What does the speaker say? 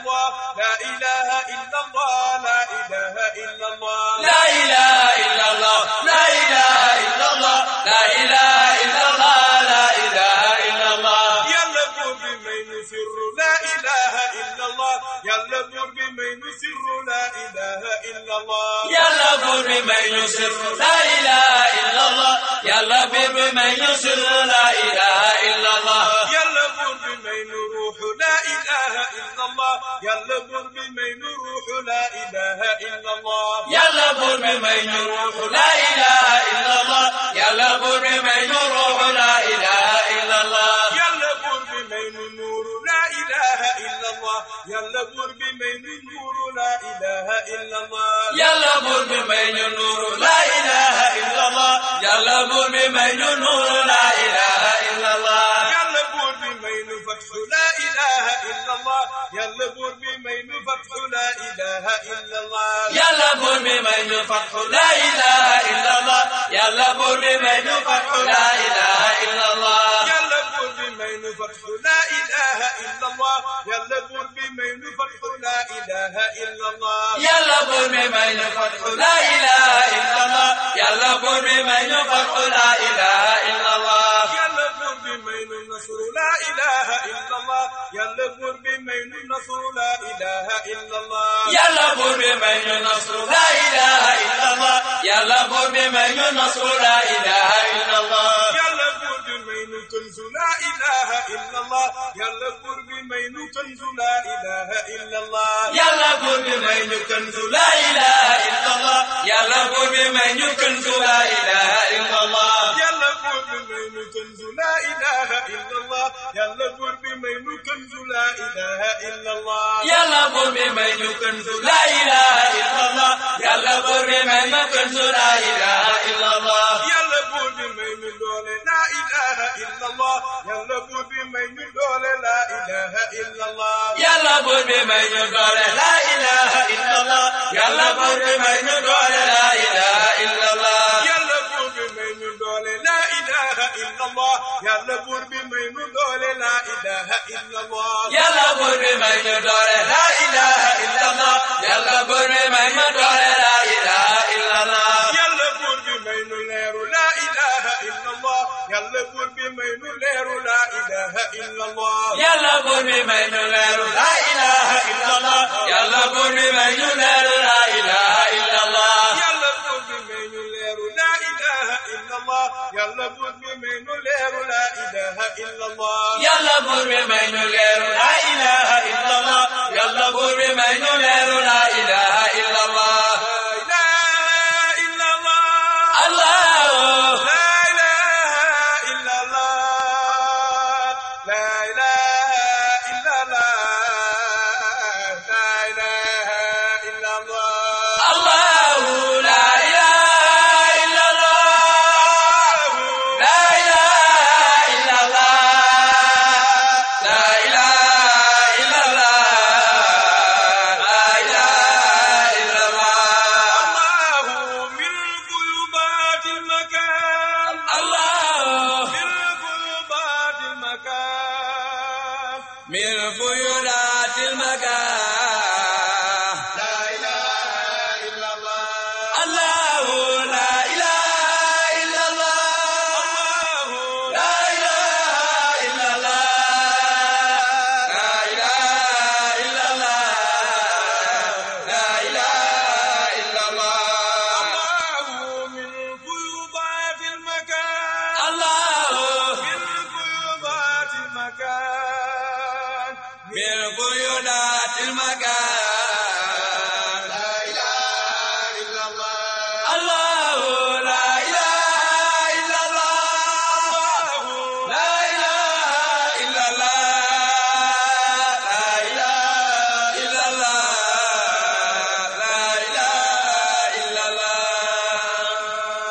الله لا إله إلا الله لا إله إلا الله لا إله إلا الله لا إله إلا الله لا إله إلا الله لا إله إلا الله يا النور بمن نسر لا إله إلا الله يا النور بمن نسر لا إله إلا الله يا النور بمن نسر لا إله إلا الله يا النور بمن نسر لا إله إلا الله ilaha illallah yàlla buur bi may nu ruuxu laa ilaha illallah yàlla buur bi may nu ruuxu laa ilaha illallah yàlla buur bi may nu ruuxu laa ilaha illallah yàlla buur bi may nu nuuru laa ilaha illallah yàlla buur bi may nu nuuru laa ilaha illallah yàlla buur bi may nu nuuru laa ilaha illallah yàlla buur bi may nu nuuru laa ilaha yàlla buur bi may ñu fatxu la ilaha illa allah yàlla buur bi may ñu fatxu la ilaha illa allah yàlla buur bi may ñu fatxu la ilaha illa allah yàlla buur bi may ñu fatxu la ilaha illa allah yàlla buur bi may ñu fatxu la ilaha illa allah yàlla buur bi may ñu fatxu la ilaha illa allah yàlla buur bi may ñu fatxu la ilaha illa allah yàlla buur bi may nu nasru la ilaha illa allah yàlla buur bi may nu nasru la ilaha illa allah yàlla buur bi may nu nasru la ilaha illa allah yàlla buur bi may nu kanzu la ilaha illa allah yàlla buur bi may nu kanzu la ilaha illa allah yàlla buur bi may nu kanzu la ilaha illa allah yàlla buur bi may nu kanzu la ilaha إلا الله يلا بور بي مينو كنز لا إله إلا الله يلا بور بي مينو كنز لا إله إلا الله يلا بور بي مينو كنز لا إله إلا الله يلا بور بي مينو دول لا إله إلا الله يلا بور بي مينو دول لا إله إلا الله يلا بور بي مينو دول لا إله إلا الله يلا بور بي مينو buur bi may nu doole la ilaha illallah yàlla buur bi may nu doole la ilaha illallah yàlla buur bi may nu doole la ilaha illallah yàlla buur bi may nu leeru la ilaha illallah yàlla buur bi may nu leeru la ilaha illallah yàlla buur bi may nu leeru la ilaha illallah buur bi may ñu من فيولات المكان